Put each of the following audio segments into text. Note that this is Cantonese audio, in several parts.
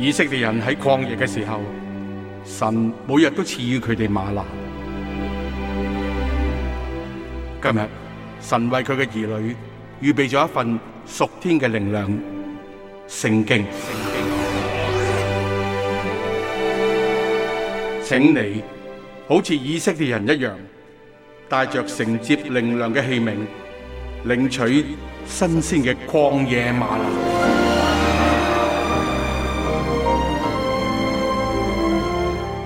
以色列人喺曠野嘅時候，神每日都賜予佢哋嗎哪。今日神為佢嘅兒女預備咗一份屬天嘅靈糧，聖經，請你好似以色列人一樣，帶着承接靈糧嘅器皿，領取新鮮嘅曠野嗎哪。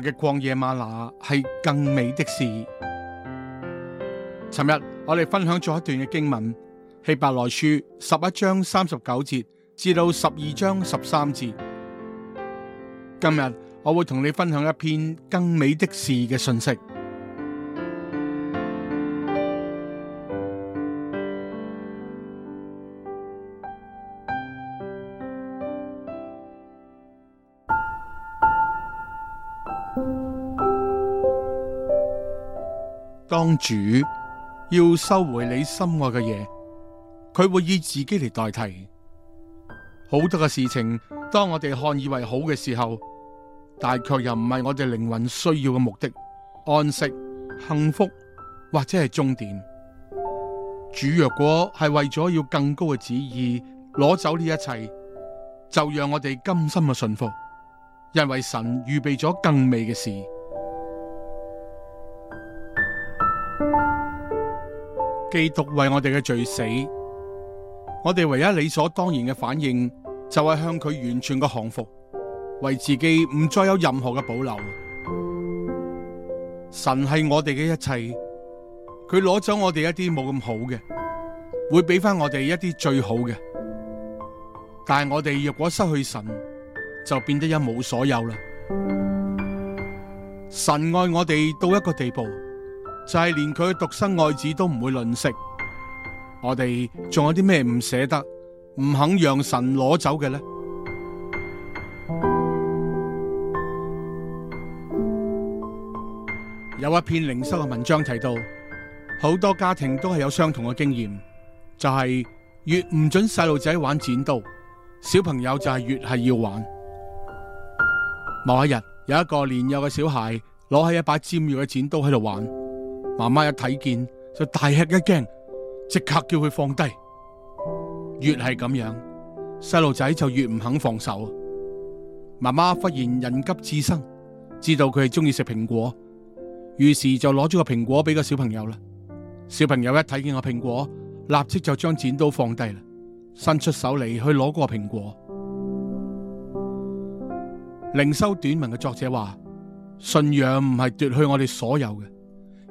嘅曠野瑪哪係更美的事。尋日我哋分享咗一段嘅經文，希伯來書十一章三十九節至到十二章十三節。今日我會同你分享一篇更美的事嘅信息。當主要收回你心愛嘅嘢，佢會以自己嚟代替好多嘅事情。當我哋看以為好嘅時候，但卻又唔係我哋靈魂需要嘅目的、安息、幸福或者係終點。主若果係為咗要更高嘅旨意，攞走呢一切，就讓我哋甘心嘅信服，因為神預備咗更美嘅事。基督為我哋嘅罪死，我哋唯一理所當然嘅反應就係、是、向佢完全嘅降服，為自己唔再有任何嘅保留。神係我哋嘅一切，佢攞走我哋一啲冇咁好嘅，會俾翻我哋一啲最好嘅。但係我哋若果失去神，就變得一無所有啦。神愛我哋到一個地步。就係、是、連佢獨生愛子都唔會吝惜，我哋仲有啲咩唔捨得、唔肯讓神攞走嘅呢？有一篇靈修嘅文章提到，好多家庭都係有相同嘅經驗，就係、是、越唔准細路仔玩剪刀，小朋友就係越係要玩。某一日，有一個年幼嘅小孩攞起一把尖銳嘅剪刀喺度玩。媽媽一睇見就大吃一驚，即刻叫佢放低。越係咁樣，細路仔就越唔肯放手。媽媽忽然人急智生，知道佢係中意食蘋果，於是就攞咗個蘋果俾個小朋友啦。小朋友一睇見個蘋果，立即就將剪刀放低啦，伸出手嚟去攞個蘋果。靈修短文嘅作者話：信仰唔係奪去我哋所有嘅。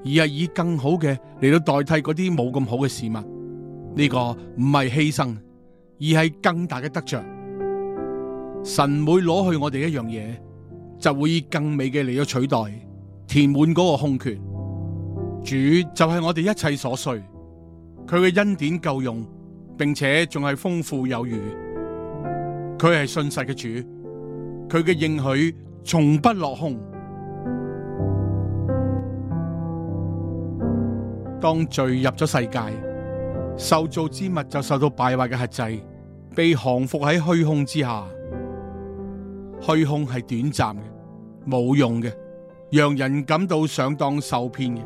而係以更好嘅嚟到代替嗰啲冇咁好嘅事物，呢個唔係犧牲，而係更大嘅得着。神會攞去我哋一樣嘢，就會以更美嘅嚟到取代，填滿嗰個空缺。主就係我哋一切所需，佢嘅恩典夠用，並且仲係豐富有餘。佢係信實嘅主，佢嘅應許從不落空。當罪入咗世界，受造之物就受到敗壞嘅轄制，被降服喺虛空之下。虛空係短暫嘅，冇用嘅，讓人感到上當受騙嘅，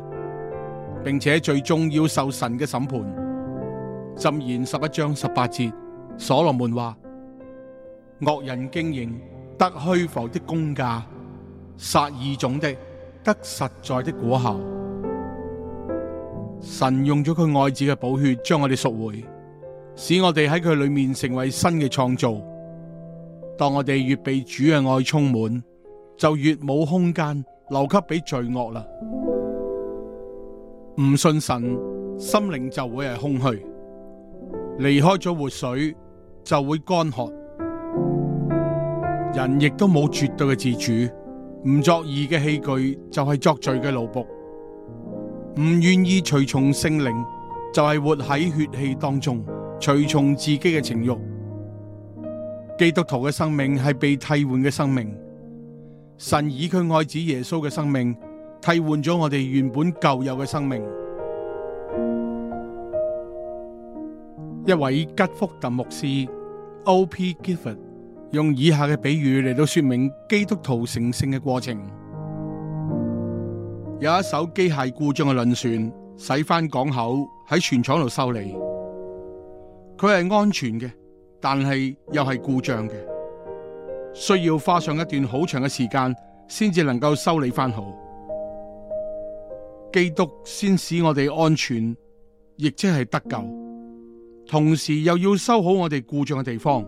並且最終要受神嘅審判。箴言十一章十八節，所羅門話：惡人經營得虛浮的工價，撒義種的得實在的果效。神用咗佢愛子嘅寶血將我哋贖回，使我哋喺佢裏面成為新嘅創造。當我哋越被主嘅愛充滿，就越冇空間留給俾罪惡啦。唔信神，心靈就會係空虛；離開咗活水，就會乾涸。人亦都冇絕對嘅自主，唔作義嘅器具就係作罪嘅奴僕。唔願意隨從聖靈，就係活喺血氣當中，隨從自己嘅情欲。基督徒嘅生命係被替換嘅生命，神以佢愛子耶穌嘅生命替換咗我哋原本舊有嘅生命。一位吉福特牧師 （O.P. Gifford） 用以下嘅比喻嚟到說明基督徒成聖嘅過程。有一艘機械故障嘅輪船，駛返港口喺船廠度修理。佢係安全嘅，但係又係故障嘅，需要花上一段好長嘅時間先至能夠修理翻好。基督先使我哋安全，亦即係得救，同時又要修好我哋故障嘅地方，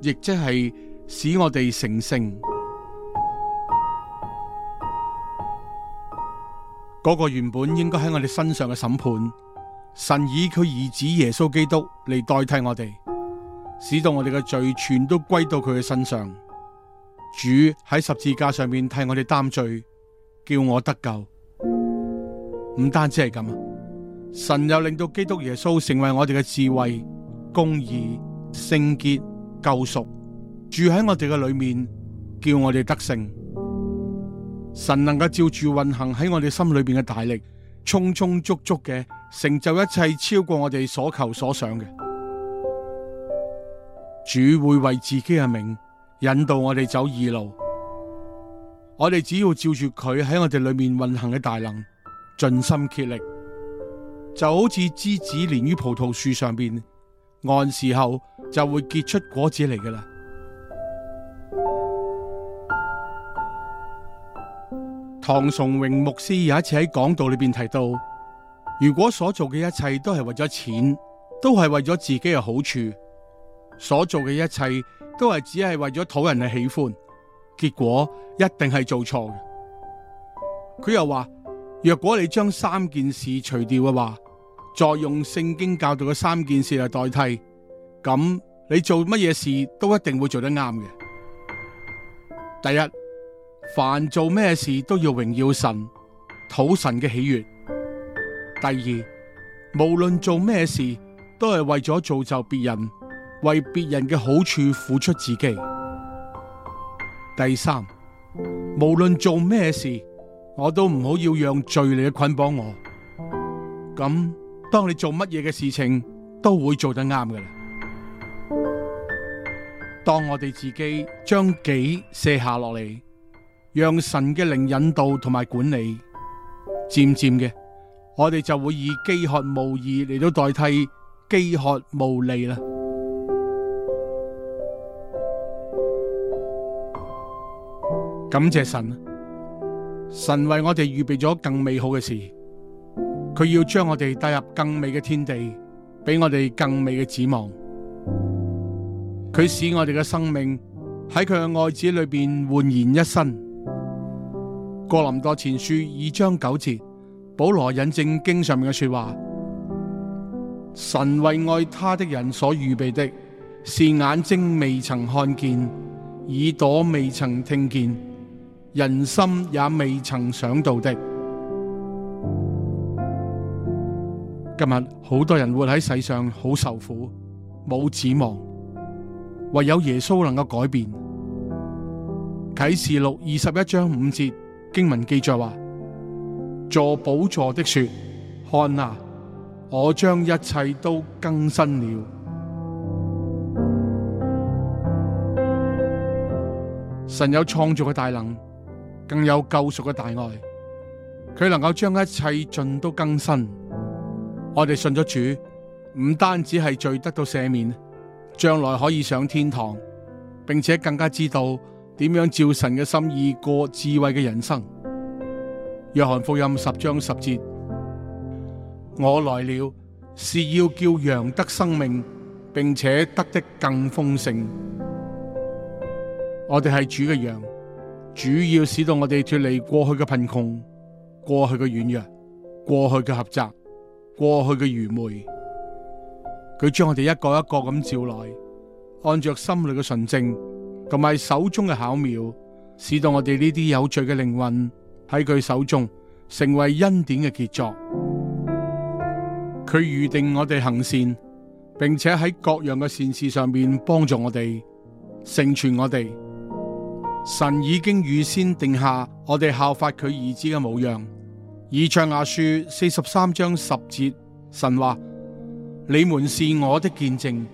亦即係使我哋成聖。嗰個原本應該喺我哋身上嘅審判，神以佢兒子耶穌基督嚟代替我哋，使到我哋嘅罪全都歸到佢嘅身上。主喺十字架上面替我哋擔罪，叫我得救。唔單止係咁，神又令到基督耶穌成為我哋嘅智慧、公義、聖潔、救贖，住喺我哋嘅裏面，叫我哋得勝。神能夠照住運行喺我哋心裏邊嘅大力，充充足足嘅成就一切，超過我哋所求所想嘅。主會為自己嘅名引導我哋走義路，我哋只要照住佢喺我哋裏面運行嘅大能，盡心竭力，就好似枝子連於葡萄樹上邊，按時候就會結出果子嚟嘅啦。唐崇榮牧師有一次喺講道裏邊提到：「如果所做嘅一切都係為咗錢，都係為咗自己嘅好處，所做嘅一切都係只係為咗討人嘅喜歡，結果一定係做錯嘅。」佢又話：「若果你將三件事除掉嘅話，再用聖經教導嘅三件事嚟代替，咁你做乜嘢事都一定會做得啱嘅。」第一。凡做咩事都要榮耀神，討神嘅喜悅。第二，無論做咩事都係為咗造就別人，為別人嘅好處付出自己。第三，無論做咩事，我都唔好要讓罪嚟捆綁我。咁當你做乜嘢嘅事情，都會做得啱㗎啦。當我哋自己將己卸下落嚟。讓神嘅靈引導同埋管理，漸漸嘅我哋就會以飢渴慕義嚟到代替飢渴慕利啦。感謝神，神為我哋預備咗更美好嘅事，佢要將我哋帶入更美嘅天地，俾我哋更美嘅指望。佢使我哋嘅生命喺佢嘅愛子裏邊煥然一新。哥林多前書二章九節，保羅引證經上面嘅說話：神為愛他的人所預備的，是眼睛未曾看見，耳朵未曾聽見，人心也未曾想到的。今日好多人活喺世上，好受苦，冇指望，唯有耶穌能夠改變。啟示錄二十一章五節。經文記載話：坐寶座的說，看哪，我將一切都更新了。神有創造嘅大能，更有救贖嘅大愛，佢能夠將一切盡都更新。我哋信咗主，唔單止係罪得到赦免，將來可以上天堂，並且更加知道。點樣照神嘅心意過智慧嘅人生？約翰福音十章十節：我來了是要叫羊得生命，並且得的更豐盛。我哋係主嘅羊，主要使到我哋脱離過去嘅貧窮、過去嘅軟弱、過去嘅狹窄、過去嘅愚昧。佢將我哋一個一個咁照來，按着心裏嘅純正。同埋手中嘅巧妙，使到我哋呢啲有罪嘅靈魂喺佢手中成為恩典嘅傑作。佢預定我哋行善，並且喺各樣嘅善事上面幫助我哋成全我哋。神已經預先定下我哋效法佢兒子嘅模樣。以賽亞書四十三章十節，神話：你們是我的見證，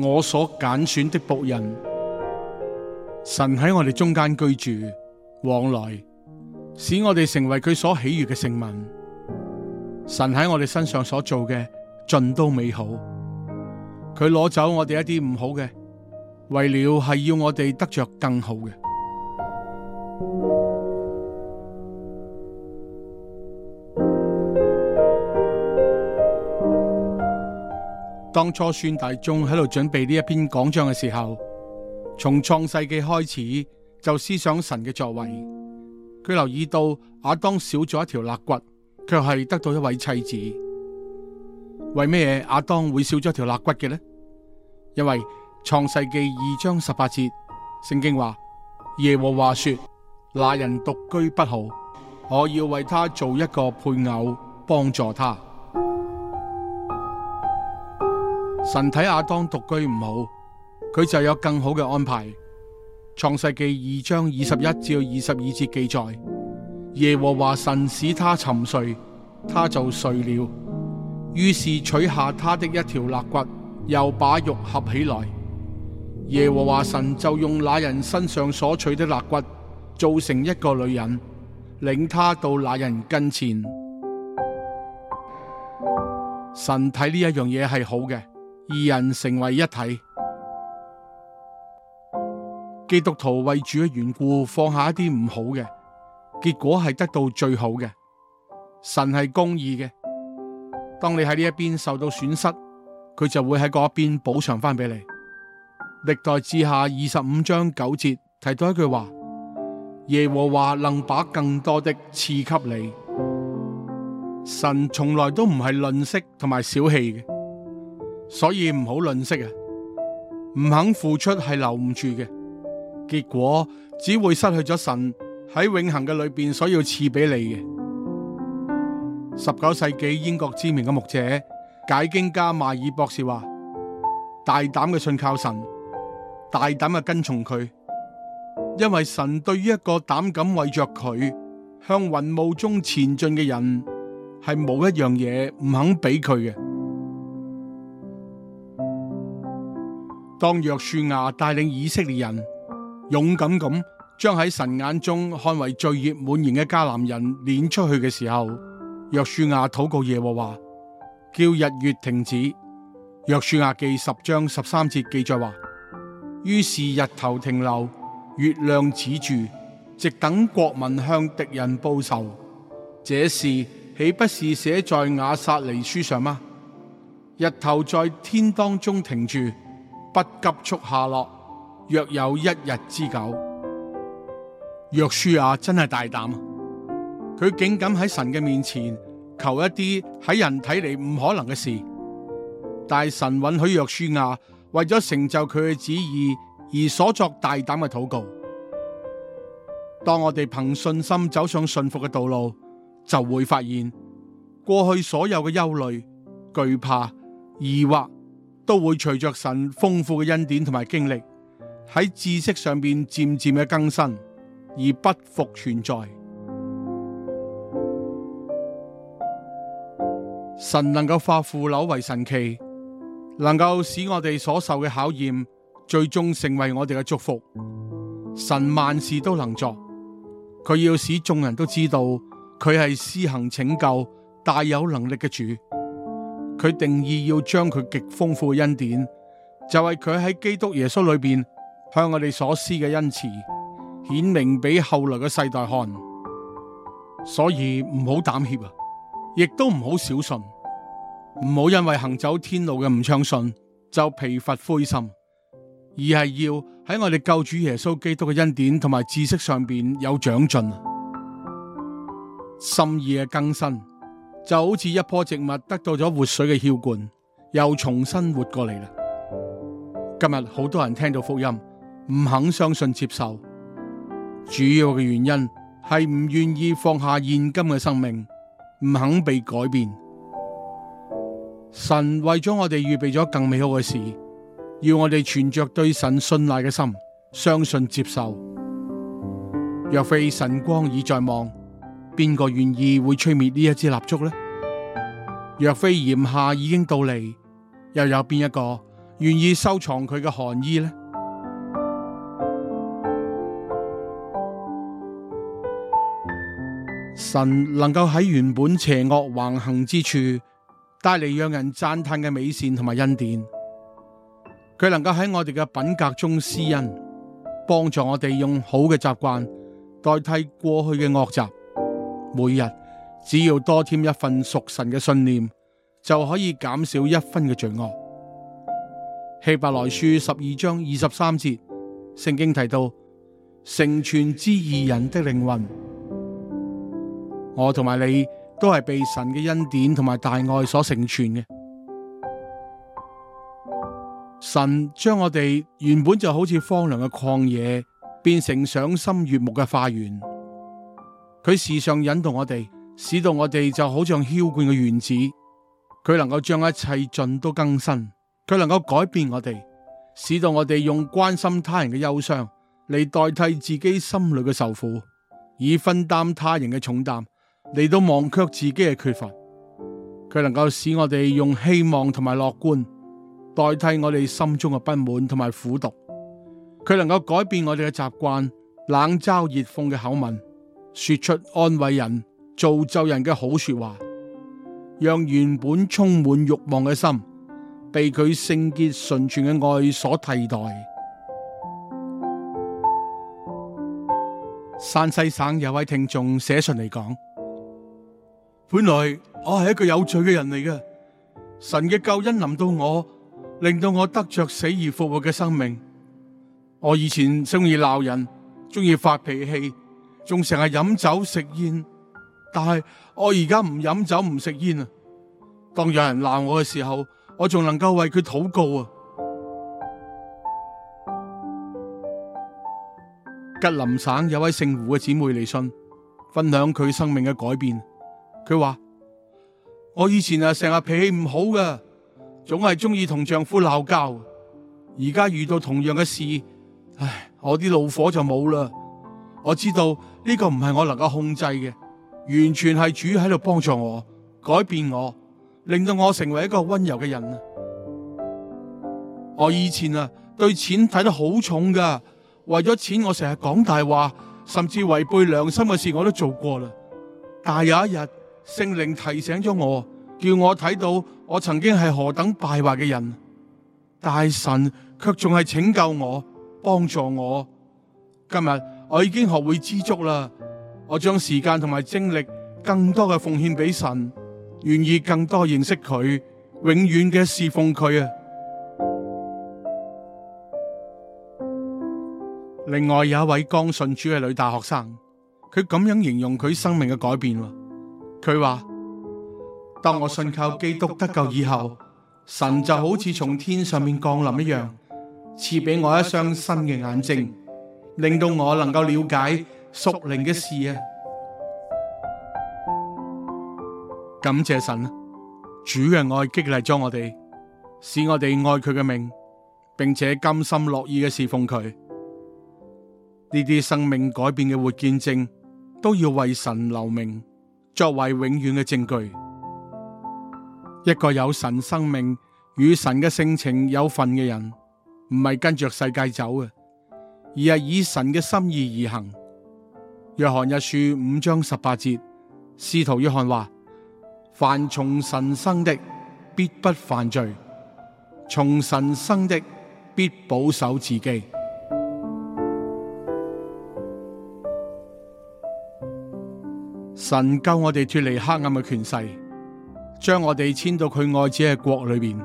我所揀選的僕人。神喺我哋中間居住，往來使我哋成為佢所喜悅嘅聖民。神喺我哋身上所做嘅，盡都美好。佢攞走我哋一啲唔好嘅，為了係要我哋得着更好嘅。當初孫大中喺度準備呢一篇講章嘅時候。從創世紀開始就思想神嘅作為，佢留意到亞當少咗一條肋骨，卻係得到一位妻子。為咩嘢亞當會少咗條肋骨嘅呢？因為創世紀二章十八節，聖經話耶和華說：那人獨居不好，我要為他做一個配偶幫助他。神睇亞當獨居唔好。佢就有更好嘅安排。創世記二章二十一至二十二節記載：耶和華神使他沉睡，他就睡了。於是取下他的一條肋骨，又把肉合起來。耶和華神就用那人身上所取的肋骨，造成一個女人，領他到那人跟前。神睇呢一樣嘢係好嘅，二人成為一體。基督徒為主嘅緣故放下一啲唔好嘅，結果係得到最好嘅。神係公義嘅，當你喺呢一邊受到損失，佢就會喺嗰邊補償翻俾你。歷代志下二十五章九節提到一句話：耶和華能把更多的賜給你。神從來都唔係吝嗇同埋小氣嘅，所以唔好吝嗇啊！唔肯付出係留唔住嘅。結果只會失去咗神喺永恒嘅裏邊所要賜俾你嘅。十九世紀英國知名嘅牧者解經家邁爾博士話：大膽嘅信靠神，大膽嘅跟從佢，因為神對於一個膽敢為着佢向雲霧中前進嘅人，係冇一樣嘢唔肯俾佢嘅。當約書亞帶領以色列人。勇敢咁將喺神眼中看為罪孽滿盈嘅迦南人攆出去嘅時候，約書亞禱告耶和華，叫日月停止。約書亞記十章十三節記載話：於是日頭停留，月亮止住，直等國民向敵人報仇。這事豈不是寫在雅煞尼書上嗎？日頭在天當中停住，不急速下落。約有一日之久，約書亞真係大膽，佢竟敢喺神嘅面前求一啲喺人睇嚟唔可能嘅事。但神允許約書亞為咗成就佢嘅旨意而所作大膽嘅禱告。當我哋憑信心走上信服嘅道路，就會發現過去所有嘅憂慮、懼怕、疑惑，都會隨着神豐富嘅恩典同埋經歷。喺知識上邊漸漸嘅更新，而不復存在。神能夠化腐朽為神奇，能夠使我哋所受嘅考驗最終成為我哋嘅祝福。神萬事都能做，佢要使眾人都知道佢係施行拯救、大有能力嘅主。佢定意要將佢極豐富嘅恩典，就係佢喺基督耶穌裏邊向我哋所施嘅恩慈，顯明俾後來嘅世代看，所以唔好膽怯啊，亦都唔好小信，唔好因為行走天路嘅唔暢順就疲乏灰心，而係要喺我哋救主耶穌基督嘅恩典同埋知識上邊有長進，心意嘅更新，就好似一棵植物得到咗活水嘅澆灌，又重新活過嚟啦。今日好多人聽到福音。唔肯相信接受，主要嘅原因係唔願意放下現今嘅生命，唔肯被改變。神為咗我哋預備咗更美好嘅事，要我哋存着對神信賴嘅心，相信接受。若非神光已在望，邊個願意會吹滅呢一支蠟燭呢？若非炎夏已經到嚟，又有邊一個願意收藏佢嘅寒衣呢？神能夠喺原本邪惡橫行之處帶嚟，讓人讚嘆嘅美善同埋恩典，佢能夠喺我哋嘅品格中施恩，幫助我哋用好嘅習慣代替過去嘅惡習。每日只要多添一份屬神嘅信念，就可以減少一分嘅罪惡。希伯來書十二章二十三節聖經提到，成全之義人的靈魂。我同埋你都係被神嘅恩典同埋大愛所成全嘅。神將我哋原本就好似荒涼嘅曠野，變成賞心悅目嘅花園。佢時常引導我哋，使到我哋就好像澆灌嘅園子。佢能夠將一切盡都更新，佢能夠改變我哋，使到我哋用關心他人嘅憂傷嚟，代替自己心裏嘅受苦，以分擔他人嘅重擔。嚟到忘卻自己嘅缺乏，佢能夠使我哋用希望同埋樂觀代替我哋心中嘅不滿同埋苦毒，佢能夠改變我哋嘅習慣，冷嘲熱諷嘅口吻，說出安慰人、造就人嘅好說話，讓原本充滿慾望嘅心被佢聖潔純全嘅愛所替代。山西省有位聽眾寫信嚟講。本來我係一個有罪嘅人嚟嘅，神嘅救恩臨到我，令到我得着死而復活嘅生命。我以前中意鬧人，中意發脾氣，仲成日飲酒食煙。但係我而家唔飲酒唔食煙啦。當有人鬧我嘅時候，我仲能夠為佢禱告啊！吉林省有位姓胡嘅姊妹嚟信，分享佢生命嘅改變。佢話：我以前啊，成日脾氣唔好㗎，總係中意同丈夫鬧交。而家遇到同樣嘅事，唉，我啲怒火就冇啦。我知道呢個唔係我能夠控制嘅，完全係主喺度幫助我改變我，令到我成為一個溫柔嘅人。我以前啊，對錢睇得好重㗎，為咗錢我成日講大話，甚至違背良心嘅事我都做過啦。但係有一日，聖靈提醒咗我，叫我睇到我曾經係何等敗壞嘅人，但神卻仲係拯救我，幫助我。今日我已經學會知足啦，我將時間同埋精力更多嘅奉獻俾神，願意更多認識佢，永遠嘅侍奉佢啊！另外有一位剛信主嘅女大學生，佢咁樣形容佢生命嘅改變。佢話：當我信靠基督得救以後，神就好似從天上面降臨一樣，賜俾我一雙新嘅眼睛，令到我能夠了解屬靈嘅事啊！感謝神，主嘅愛激勵咗我哋，使我哋愛佢嘅命，並且甘心樂意嘅侍奉佢。呢啲生命改變嘅活見證，都要為神留名。作為永遠嘅證據，一個有神生命與神嘅性情有份嘅人，唔係跟着世界走嘅，而係以神嘅心意而行。約翰一書五章十八節，司徒約翰話：凡從神生的，必不犯罪；從神生的，必保守自己。神救我哋脫離黑暗嘅權勢，將我哋遷到佢愛子嘅國裏邊。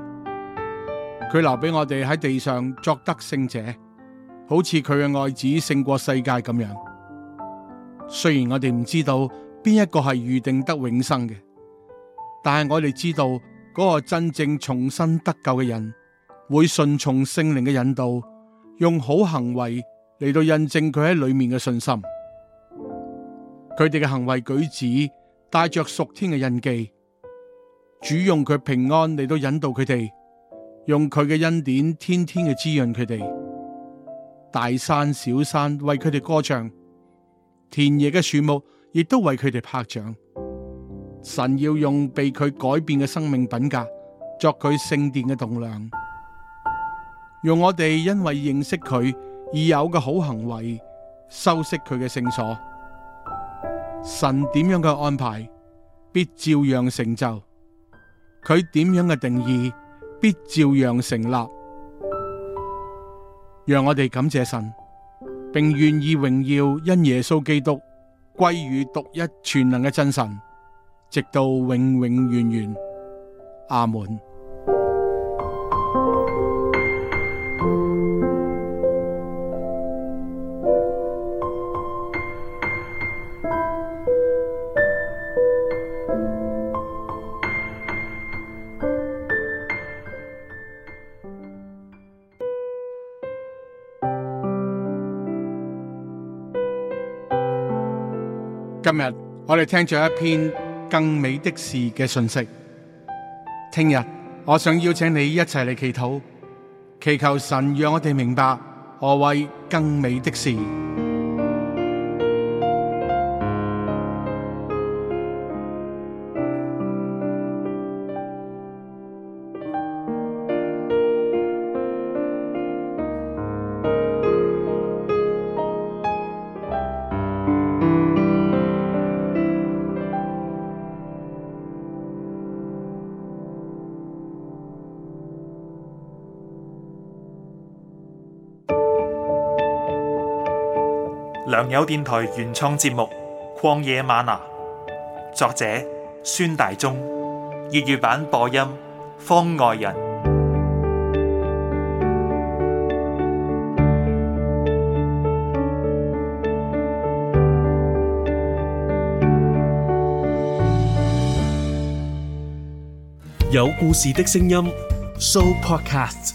佢留俾我哋喺地上作得勝者，好似佢嘅愛子勝過世界咁樣。雖然我哋唔知道邊一個係預定得永生嘅，但係我哋知道嗰個真正重生得救嘅人會順從聖靈嘅引導，用好行為嚟到印證佢喺裏面嘅信心。佢哋嘅行為舉止帶着屬天嘅印記，主用佢平安嚟到引導佢哋，用佢嘅恩典天天嘅滋潤佢哋。大山小山為佢哋歌唱，田野嘅樹木亦都為佢哋拍掌。神要用被佢改變嘅生命品格作佢聖殿嘅棟樑，用我哋因為認識佢而有嘅好行為修飾佢嘅聖所。神點樣嘅安排，必照樣成就；佢點樣嘅定意，必照樣成立。讓我哋感謝神，並願意榮耀因耶穌基督歸於獨一全能嘅真神，直到永永遠遠。阿門。今日我哋聽咗一篇更美的事嘅信息。聽日我想邀請你一齊嚟祈禱，祈求神讓我哋明白何謂更美的事。良友電台原創節目《曠野嗎哪》，作者孫大中，粵語版播音方外人，有故事的聲音，Show Podcast。